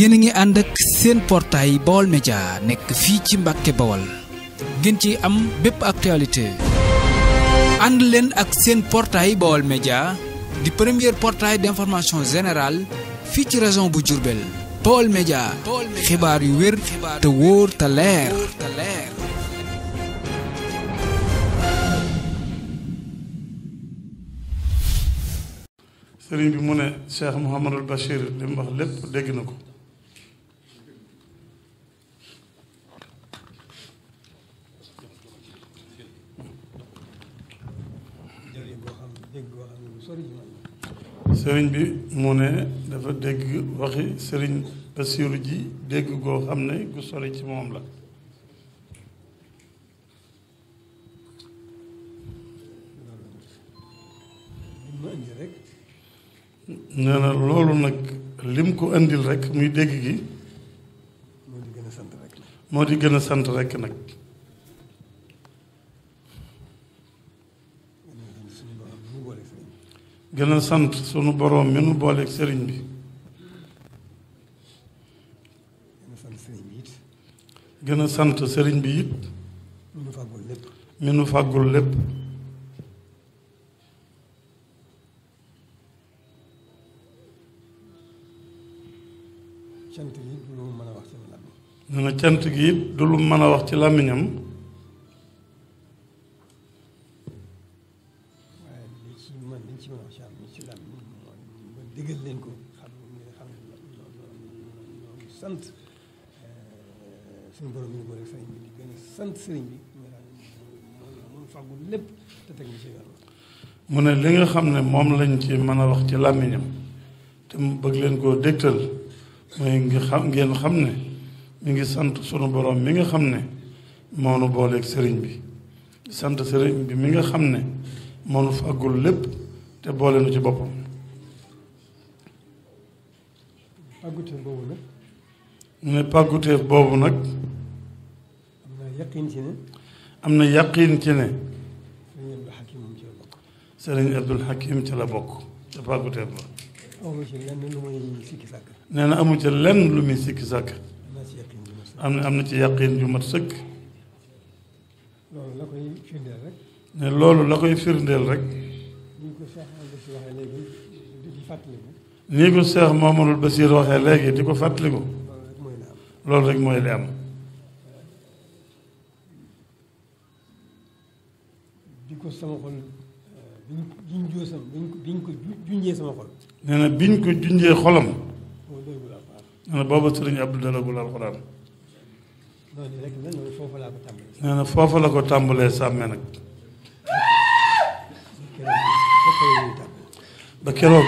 yéen a ngi ànd ak seen portail Baol media nekk fii ci Mbàkke Bawol ngeen ci am bépp actualité ànd leen ak seen portail Baol media di premier portail d'information générale fii ci région bu Diourbel Baol Média xibaar yu wér te wóor te leer bi mu ne Cheikh Mouhamadul ko sëriñ bi mu ne dafa dégg waxi sëriñ Basiiru ji dégg goo xam ne gu sori ci moom la nee na loolu nag lim ko indil rekk muy dégg gi moo di gën a sant rekk nag gën a sant sunu boroom mi nu booleeg sëriñ bi gën a sant sëriñ bi it mi nu fàggul lépp cant gi du lu mën a wax ci làmmiñam nee cant gi it du lu mën a wax ci làmmiñam suñu borom mi ngi boole sëriñ bi di mu ne li nga xam ne moom lañ ci mën a wax ci làmmiñam te mu bëgg leen koo dégtal mooy nga xam ngeen xam ne mu ngi sant sunu boroom mi nga xam ne moo nu sëriñ bi sant sëriñ mi nga xam ne moo nu fàggul lépp te boole nu ci boppam. mu ne pàgguteef boobu nag. yaqiin ci ne. am na yaqiin ci ne. Serigne Abdoul Hakim ci la bokk. ca Pàgguteef ba. nee na amu ca lenn lu muy sikki sàkk. am na am na ci yaqiin ju mat sëkk. ne loolu la koy firndeel rek. nii ko Cheikh Mamadou Bassir waxee léegi di ko fàttaliku. loolu rek mooy li am. ko sama xol eh, biñ ko junjoo foofa la ko tàmbalee sàmmee nag. ba keroog.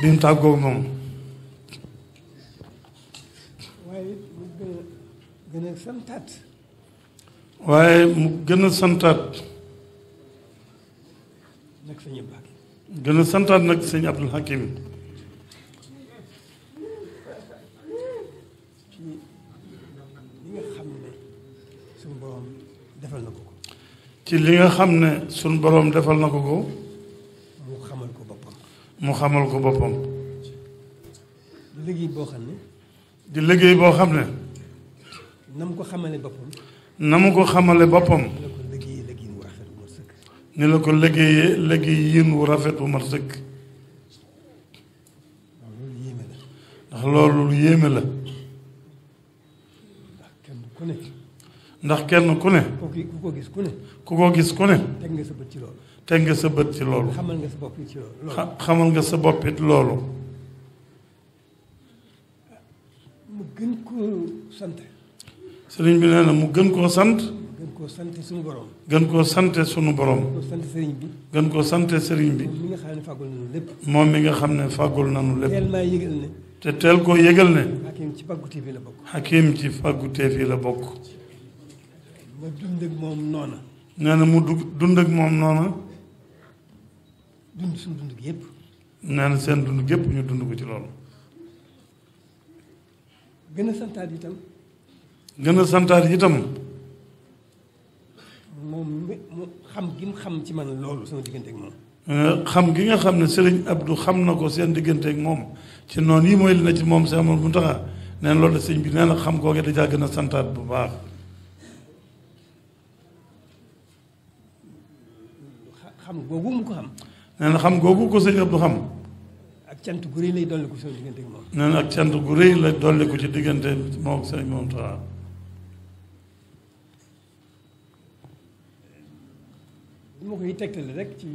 bi mu tàggoog moom. waaye gën gën a santaat. waaye mu gën a santaat gën a santaat nag sëñ Abdul Hakim ci li nga xam ne suñ boroom defal na ko ko mu xamal ko boppam mu xamal ko boppam di liggéey boo xam ne di liggéey boo xam ne na mu ko xamale boppam na mu ko xamale boppam ni la ko liggéeyee liggéeyin wu rafet wu ma sëkk ndax loolu lu yéeme la ndax kenn ku ne ku ko gis ku ne ku ko gis ku ne teg nga sa bët ci loolu teg nga sa bët ci loolu xamal nga sa bopp loolu nga sa bopp it loolu mu sëriñ bi nee na mu gën koo sant. gën koo sant suñu borom. gën koo sante sunu borom. gën koo sant sëriñ bi. gën koo sant sëriñ bi. moom mi nga xam ne fàggul nañu lépp. moom mi nga xam ne fàggul nañu lépp. teel maa yëgal ne. te teel koo yëgal ne. hakim ci fàgguteef fii la bokk. ci fàgguteef yi la ma dund ak moom noona. nee na mu dund ak moom noona. dund suñu dund gi yëpp. nee seen dund gépp ñu dund ko ci loolu. gën gën a santaat itam. moom xam gi xam ci man loolu sama diggante ak moom. Euh, xam gi nga xam ne Serigne Abdou xam na ko seen digganteek moom ci noonu yi mooy li na ci moom si moom bu taxa neen loolu de sëñ bi neen na xam googe dajaa gën a santaat bu baax. xam googu xam. nee na xam googu ko sëñ Abdou xam. ak cant gu rëy lay dolli ko sama diggante ak moom. nee na ak cant gu rëy la dolli ko ci diggante moom sëñ moom taxa. ni ma koy tegtale rek ci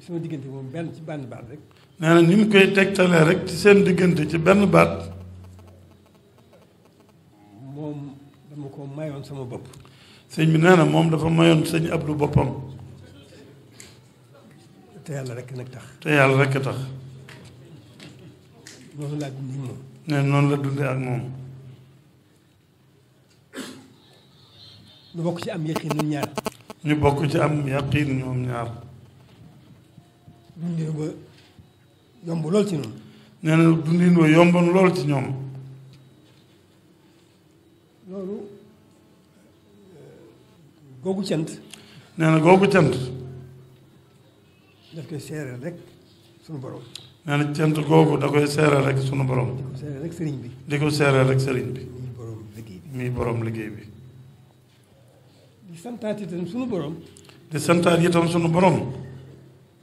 sama diggante moom benn ci benn baat rek. nee na ni mu koy tegtale rek ci seen diggante ci benn baat. moom dama ko mayoon sama bopp. sëñ bi nee na moom dafa mayoon sëñ Abdou boppam. te yàlla rek nag tax. te yàlla rek tax. noonu laa dundee moom. nee noonu la dundee ak moom. nu bokk ci am yaqin ñun ñaar. ñu bokk ci am yaqiin ñoom ñaar. dundin ba yomb lool ci ñoom. nee na dundin ci ñoom. loolu eh, googu cant. nee na googu cant. daf koy seeral rek sunu borom. nee na cant googu da koy seeral rek sunu borom. di ko seeral rek sëriñ bi. rek sëriñ bi. bi muy borom liggéey bi. di santaat itam sunu borom. di santaat itam sunu borom.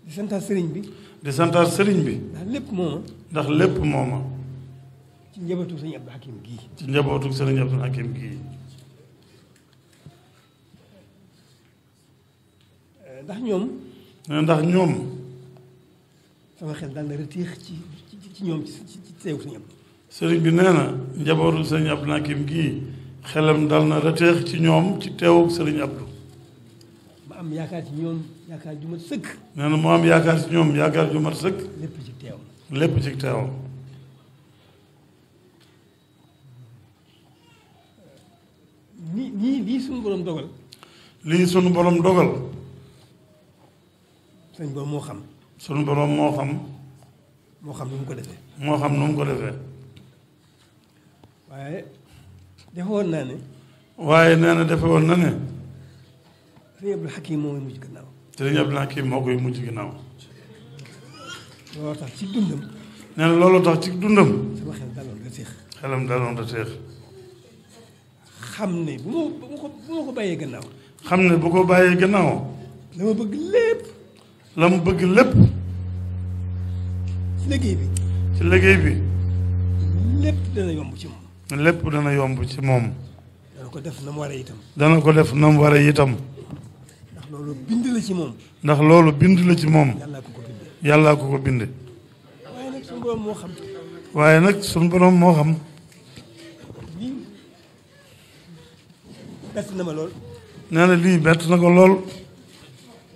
di santaat sëriñ bi. di santaat sëriñ bi. ndax lépp mooma. ndax lépp mooma. ci njabootu sëriñ Abdou Hakim ndax ñoom. ndax ñoom. sama xel daal na retiix ci ci ñoom ci teewu sëriñ Abdou. sëriñ bi nee na njabootu sëriñ Abdou Hakim gii. xelam dal na rëtëx ci ñoom ci teewug Serigne Abdou. ma am yaakaar ci ñoom yaakaar ju mat sëkk. nee na mu am yaakaar ci ñoom yaakaar ju mat sëkk. lépp ci teew lépp ci teew. ni nii lii sunu borom dogal. lii sunu boroom dogal. sunu borom moo xam. sunu borom moo xam. moo xam nu mu ko defee. moo xam nu mu ko defee. dafa naa ne. waaye nee na dafa woon na ne. sëñ Abdou Hakim moo koy mujj ginnaaw. sëñ Abdou Hakim moo koy mujj ginnaaw. looloo tax ci dundam. nee na looloo tax ci dundam. sama xel daloon da xelam daloon da xam ne bu ma bu ma ko bàyyee gannaaw. xam ne bu ko bàyyee gannaaw. la ma bëgg lépp. la ma bëgg lépp. ci liggéey bi. ci liggéey bi. lépp dana yomb ci moom. lépp dana yomb ci moom. dana ko def na war waree itam. dana ko def na mu waree itam. ndax loolu bind la ci moom. ndax yàllaa ko ko bind. ko ko bind. waaye nag suñ borom moo xam. waaye nag suñu borom moo na nee na lii bett na ko lool.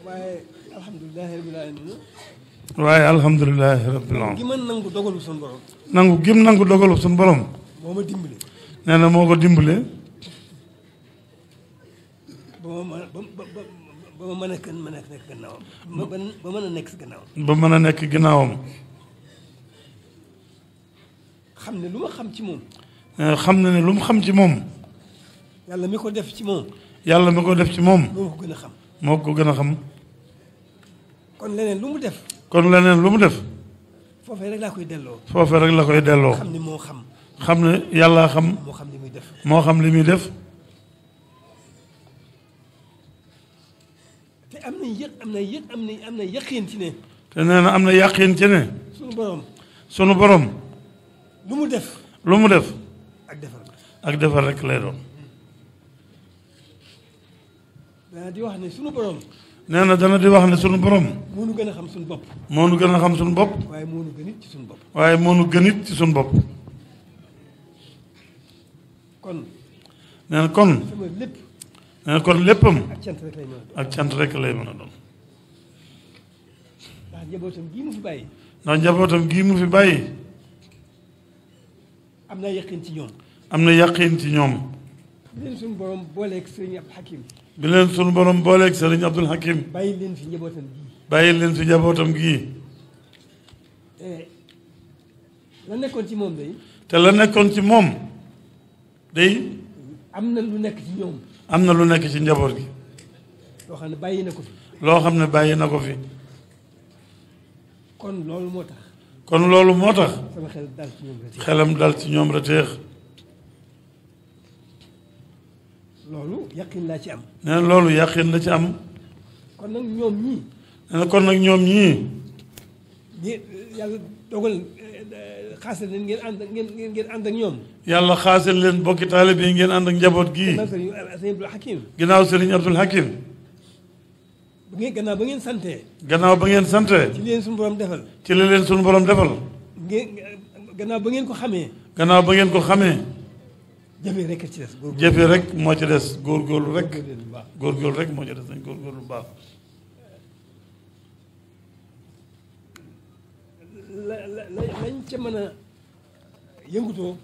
waaye alhamdulilah rabbil alamin. waaye alhamdulilah rabbil alamin. nangu gim nangu dogalu suñu borom. borom. moo ma dimbale. nee na moo ko dimbale. ba ma ba ma mën a a nekk gannaawam. ba a mën a nekk gannaawam. xam ne lu ma xam ci moom. Eh, xam na ne lu mu xam ci moom. yàlla mi ko def ci moom. yàlla mi ko def ci moom. moo ko gën a xam. moo ko gën a xam. kon leneen lu mu def. kon leneen lu mu def. foofee rek laa koy delloo. foofee rek la koy delloo. moo xam. xam ne yàlla xam. moo xam li muy def moo xam li muy def. te am na yë am na yë am na am na yaqin ci ne. te nee am na yaqin ci ne. sunu borom sunu borom. lu mu def. lu mu def. ak defar ak defar rek lay doon. dana di wax ne sunu borom. nee na dana di wax ne sunu borom. moo nu gën a xam sunu bopp. moo nu gën a xam sunu bopp. waaye moo nu gën ci sunu bopp. waaye moo nu gën it ci sunu bopp. kon nee kon nee na léppam ak cant rek lay mën a doon ndax njabootam gii mu fi bàyyi ndax njabootam gii mu fi bàyyi am na yaqin ci ñoom am na yaqin ci ñoom bi leen sunu borom booleeg sëriñ Abdul bi leen sunu borom booleeg sëriñ Abdul Hakim bàyyi leen fi njabootam gii bàyyi leen fi njabootam gii eh, la nekkoon ci moom day te la nekkoon ci moom day. am na lu nekk ci ñoom. am na lu nekk ci njaboot gi. loo xam ne bàyyi na ko fi. loo xam ne bàyyi na ko fi. kon loolu moo tax. kon loolu moo tax. sama xel dal ci ñoom xelam dal ci ñoom la teex. loolu yàqin laa ci am. nee loolu yàqin la ci am. kon nag ñoom ñii. nee na kon nag ñoom ñii. xaasal leen ngeen ànd ak ngeen ngeen ànd ak ñoom. yàlla xaasal leen bokki taalib yi ngeen ànd ak njaboot gii. ginnaaw eh, sëriñ Abdul Hakim. ginnaaw sëriñ Abdul Hakim. bu ngeen gannaaw ba ngeen santee. gannaaw ba ngeen santee. ci li leen suñu borom defal. ci li leen suñu borom defal. ngeen gannaaw ba ngeen ko xamee. gannaaw ba ngeen ko xamee. jëfee rek ci des. góorgóorlu jëfee rek moo ci des góorgóorlu rek. góorgóorlu rek moo ci des nañ góorgóorlu bu baax. la la lañ ca mën a yëngutoo.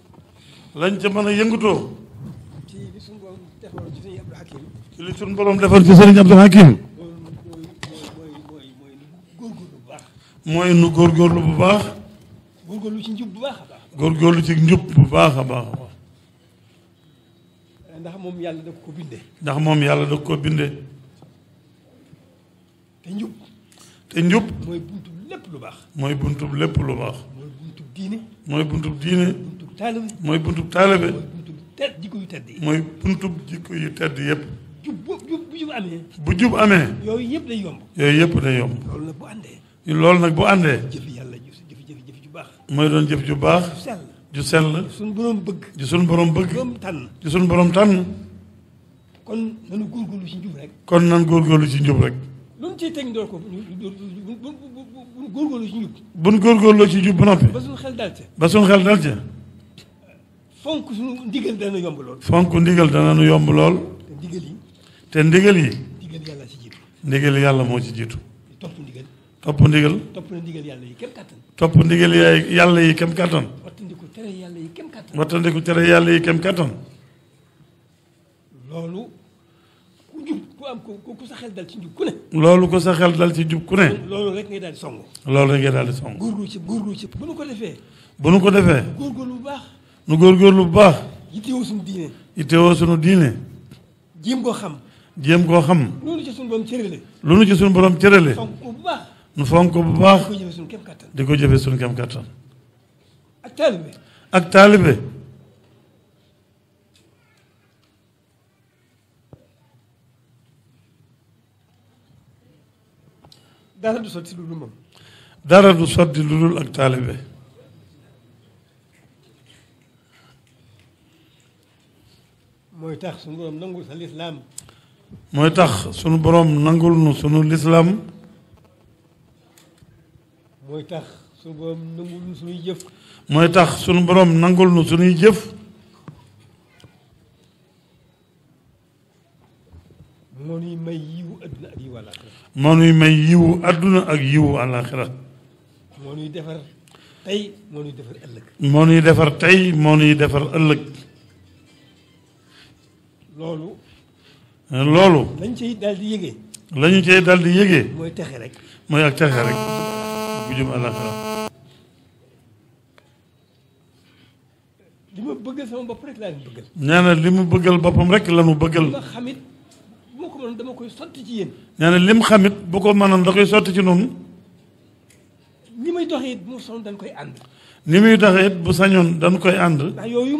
lañ ca mën a yëngutoo. ci li sunu borom defal ci sëriñ Abdou Hakim. mooy nu góor bu baax. góorgóorlu ci njub bu baax a baax. ci njub bu baax a baax. ndax moom yàlla da ko bindee. ndax moom yàlla da ko bindee. te njub. te njub. lépp lu baax. mooy buntub lépp lu baax. mooy buntub diine. mooy buntub diine. mooy buntub taalibe. mooy buntub taalibe. mooy buntub tedd jikko yu tedd yi. mooy buntub yu tedd yëpp. jub bu jub amee. bu jub amee. yooyu yëpp day yomb. yooyu yëpp day yomb. loolu nag bu àndee. loolu nag bu àndee. jëf yàlla jëf jëf jëf ju baax. mooy doon jëf ju baax. ju sell ju sell. ju sunu borom bëgg. ju sunu borom bëgg. ju sunu borom tànn. kon nanu góorgóorlu ci njub rek. kon nan ci njub rek. lu mu ciy teg ñu door ko bu góorgóorloo ci njub. bu nu góorgóorloo ci njub ba noppi. ba suñu xel dal ca. ba suñu xel dal ca. fonk suñu ndigal dana yomb lool. fonk ndigal dana nu yomb lool. te ndigal yi. te ndigal yi. ndigal yàlla ci jiitu. ndigal yàlla moo ci jiitu. topp ndigal. topp ndigal. topp ndigal yàlla yi kem kattan. topp ndigal yaay yàlla yi kem kattan. wattandiku tere yàlla yi kem kattan. wattandiku tere yàlla yi kem kattan. loolu. ku am ku ku sa xel dal ci njub ku ne. loolu ku sa xel dal ci njub ku ne. loolu rek ngay daal di song. loolu rek ngay daal di song. góorgóorlu ci góorgóorlu ci. bu nu ko defee. bu nu ko defee. góorgóorlu bu baax. nu góorgóorlu bu baax. yittewoo suñu diine. yittewoo sunu diine. jéem koo xam. jéem koo xam. lu nu ci suñu borom cërale. lu nu ci suñu fonk ko bu baax. nu fonk ko bu baax. di ko jëfee suñu kem kattan. ak taalibe. dara du sotti lu dul moom. dara du sotti lu dul ak taalibe. mooy tax sunu borom nangul mooy tax sunu borom nangul nu sunu lislaam. mooy tax sunu borom nangul nu sunuy jëf. mooy tax sunu borom nangul nu sunuy jëf. moo nuy may yiwu àdduna ak yiwu àllaaxira moo nuy defar tey moo nuy defar ëllëg. moo nuy defar tey moo nuy defar ëllëg. loolu. loolu. lañ cay daal di yëgee. lañu cay daal di yége mooy texe rek. mooy ak texe rek bu jëm àllaaxira. li ma li mu bëggal boppam rek la mu bëggal. mënoon dama koy sotti ci yéen. nee na lim xamit bu ko mënoon da ci noonu. ni muy doxee dañ koy ànd. ni muy doxee it bu sañoon dañ koy ànd. ndax yooyu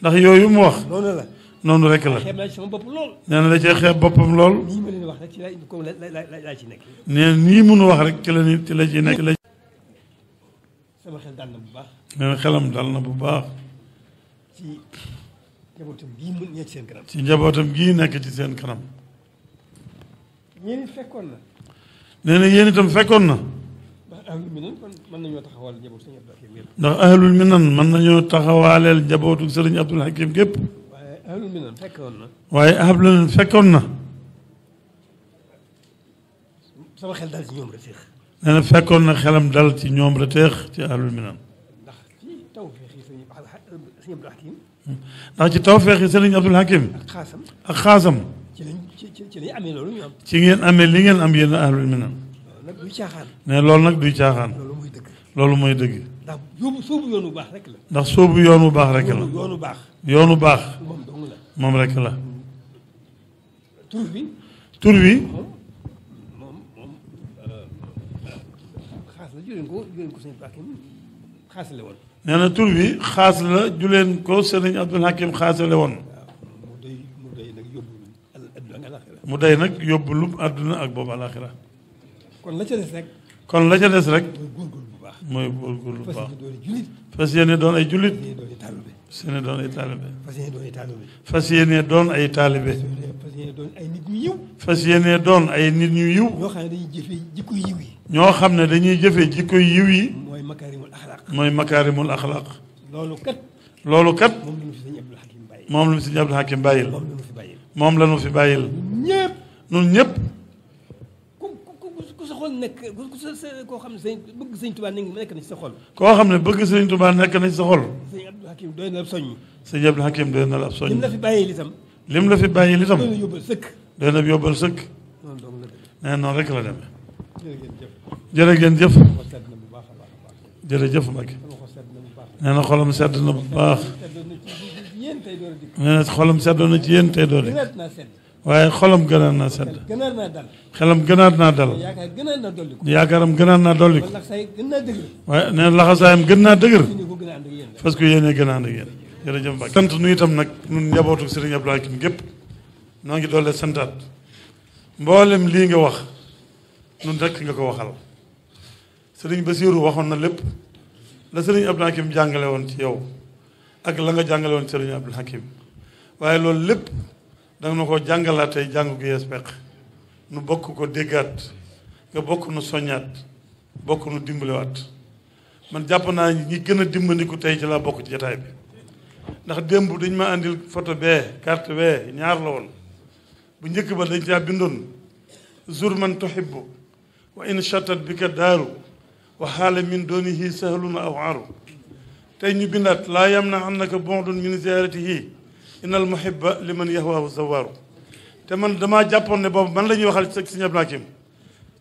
ndax yooyu mu wax. noonu la. noonu rek la xeeb naa bopp lool. nee na da cee xeeb boppam lool. nii ma leen wax rek ci laa laa ci nekk. nee nii mënu wax rek la ni ci la ci nekk la. bu baax. nee na xelam dal na bu baax. ci njabootam seen kanam. ci njabootam gii nekk ci seen kanam. yéen fekkoon na. nee na yéen itam fekkoon na. ndax ahlul minan mën nañoo taxawal njabootu sëriñ Abdul Hakim gépp. ndax ahlul minan mën nañoo taxawaaleel njabootu sëriñ Abdul Hakim gépp. waaye ahlul minan fekkoon na. waaye ahlul minan fekkoon na. sama xel daal ci ñoom rek. nee na fekkoon na xelam dal ci ñoom reteex ci ahlul minan ndax ci tawfeex yi sëriñ Abdul Hakim. ndax ci tawfeex yi Abdul Hakim. ak xaasam ak xaasam. ci lañ amee loolu ñu am. ci ngeen amee li ngeen am yéen ahlul minan. nag du caaxaan. ne loolu nag du caaxaan. loolu mooy dëgg. loolu mooy dëgg. ndax yóbbu sóobu yoonu baax rek la. ndax sóobu yoonu baax rek la. yoonu baax. yoonu baax. moom dong la. moom rek la. tur bi. tur bi. Euh, nee na tur bi xaas la juleen ko sëriñ Abdul Hakim xaasale woon. mu day nag yóbbu lu àdduna ak boobu alaaxira kon la ca des rek. kon la des rek. mooy góorgóorlu bu baax mooy góorgóorlu bu baax. fas yéene doon ay jullit. fas yéene doon ay taalibe. fas yéene doon ay fas yéene doon ay taalibe. fas yéene doon ay nit ñu yiw. fas yéene doon ay nit ñu yiw. ñoo xam ne dañuy jëfee jikko yiw yi. ñoo xam ne dañuy jëfee jikko yiw yi. mooy makaarimul axlaaq. mooy makaarimul loolu kat. loolu kat. moom la ñu fi sëñ Abdul Hakim bàyyil. moom la mu fi sëñ moom la ñu fi bàyyil. ñëpp. ñun ñëpp. ku sa xol nekk ku sa sa koo xam ne sëñ bëgg sëñ Tuubaa nekk na ci sa xol. koo xam ne bëgg sëñ Tuubaa nekk na ci sa xol. sëñ Abdou Hakim doy na la soññ. sëñ Abdou Hakim doy na la soññ. lim la fi bàyyi li tam. lim la fi bàyyi li tam. doy na yóbbal sëkk. doy na yóbbal sëkk. nee noonu na sedd na bu baax nee na xolam ci yéen tey doo waaye xolam gënaat naa sedd xelam gënaat naa dal yaakaaram gënaat naa dolli ko waaye laxasaayam gën naa dëgër parce que yéen a gën a ànd ak yéen jërëjëf sant nu itam nag nun njabootu Serigne Abdoul Hakim gépp noo ngi doole santaat mboolem lii nga wax nun rekk nga ko waxal ba Bassirou waxoon na lépp la Serigne Abdoul Hakim jàngale woon ci yow ak la nga jàngale woon Serigne Abdoul Hakim waaye loolu lépp danga na ko jàngalaat tey jàng gu yees nu bokk ko déggaat nga bokk nu soññaat bokk nu dimbaliwaat man jàpp naa ñi gën a dimbandiku tey ci laa bokk ci jataay bi ndax démb dañ ma àndil photo bee carte bee ñaar la woon bu njëkk ba dañ caa bindoon zur man tuhibbu wa in chattat bi ka daaru wa xaale min doonihi sahlun aw aaru tey ñu bindaat laa yam na annaka bondun min ziaratihi innal ba li man yahwaahu zawaaru te man damaa jàppoon ne boobu man la ñuy waxal si Sëñ Abdou Hakim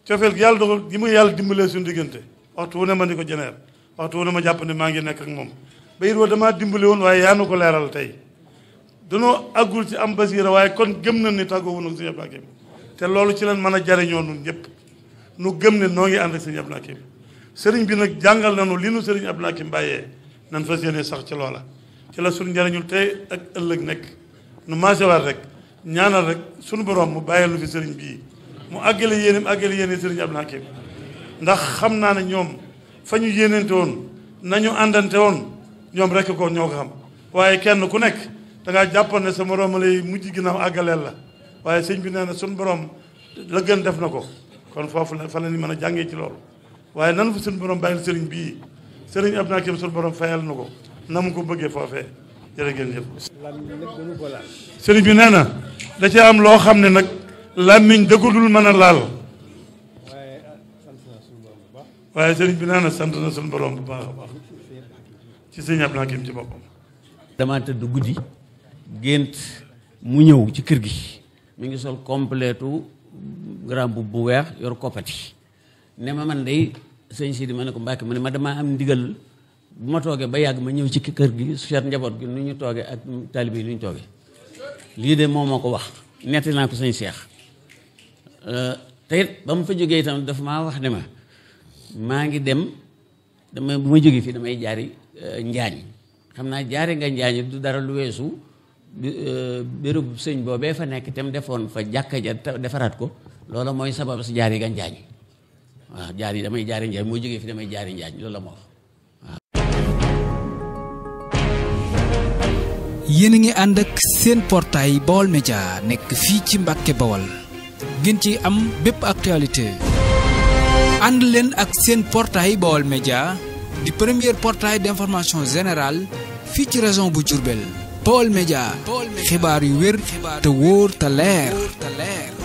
cofeel gi yàlla dogal gi mu yàlla dimbalee suñu diggante waxtu wu ne ma ni ko jeneer waxtu wu ne ma jàpp ne maa ngi nekk ak moom bayit woo damaa dimbale woon waaye yaa nu ko leeral tey danoo àggul ci am basiira waaye kon gëm na ni tàggoo woon ak Sëñ Abdou Hakim te loolu ci leen mën a jariñoo nun ñëpp nu gëm ne noo ngi ànd ak Sëñ Abdou Hakim sëriñ bi nag jàngal nañu li nu sëriñ Abdou Hakim bàyyee nan fas yéene sax ci loola ci la suñu njëriñul tey ak ëllëg nekk nu maasewaat rek ñaanal rek suñu borom mu bàyyil nu fi sëriñ bii mu àggale yéenem àggale yéene sëriñ Abdou Hakim ndax xam naa ne ñoom fa ñu yéenante woon nañu woon ñoom rek ko ñoo ko xam waaye kenn ku nekk da ngaa jàppoon ne sa morom lay mujj ginnaaw àggaleel la waaye sëñ bi nee na suñu borom la gën def na ko kon foofu la fa la ñu mën a jàngee ci loolu waaye nan fa suñu borom bàyyil sëriñ bii sëriñ Abdou Hakim suñu borom fayal na ko na mu ko bëggee foofee sëriñ bi nee na da cee am loo xam ne nag làmmiñ da ko dul mën a laal waaye ah, sëriñ bi nee na sant na suñu bu baax a baax ci sëñ Abdou Hakim ci boppam. damaa tëdd guddi gént mu ñëw ci kër gi mu ngi sol completu grand bu weex yor koppati ne ma man day sëñ si di ma ne ko Mbàkke ma ne ma damaa am ndigal. bu ma toogee ba yàgg ma ñëw ci kër gi su seet njaboot gi nu ñu toogee ak taalibe yi ñu toogee lii de moom moo ko wax netti naa ko sëñ Seex euh, te ba mu fa jógee itam dafa maa wax ne ma maa ngi dem dama bu ma jógee fii damay jaari euh, njaañ xam naa jaari nga njaañ du dara lu weesu euh, béréb sëñ boobee fa nekk itam defoon fa jàkka ja defaraat ko loola mooy sabab si jaari nga njaañ waaw jaar yi damay jaari njaañ moo jógee fi damay jaari njaañ loolu la ma wax yéen a ngi ànd ak seen portail Baol Média nekk fii ci Mbàkke Baol ngeen ci am bépp actualité ànd leen ak seen portail Baol Média di premier portail d'information générale fii ci région bu Diourbel Baol Média xibaar yu wér te wóor te leer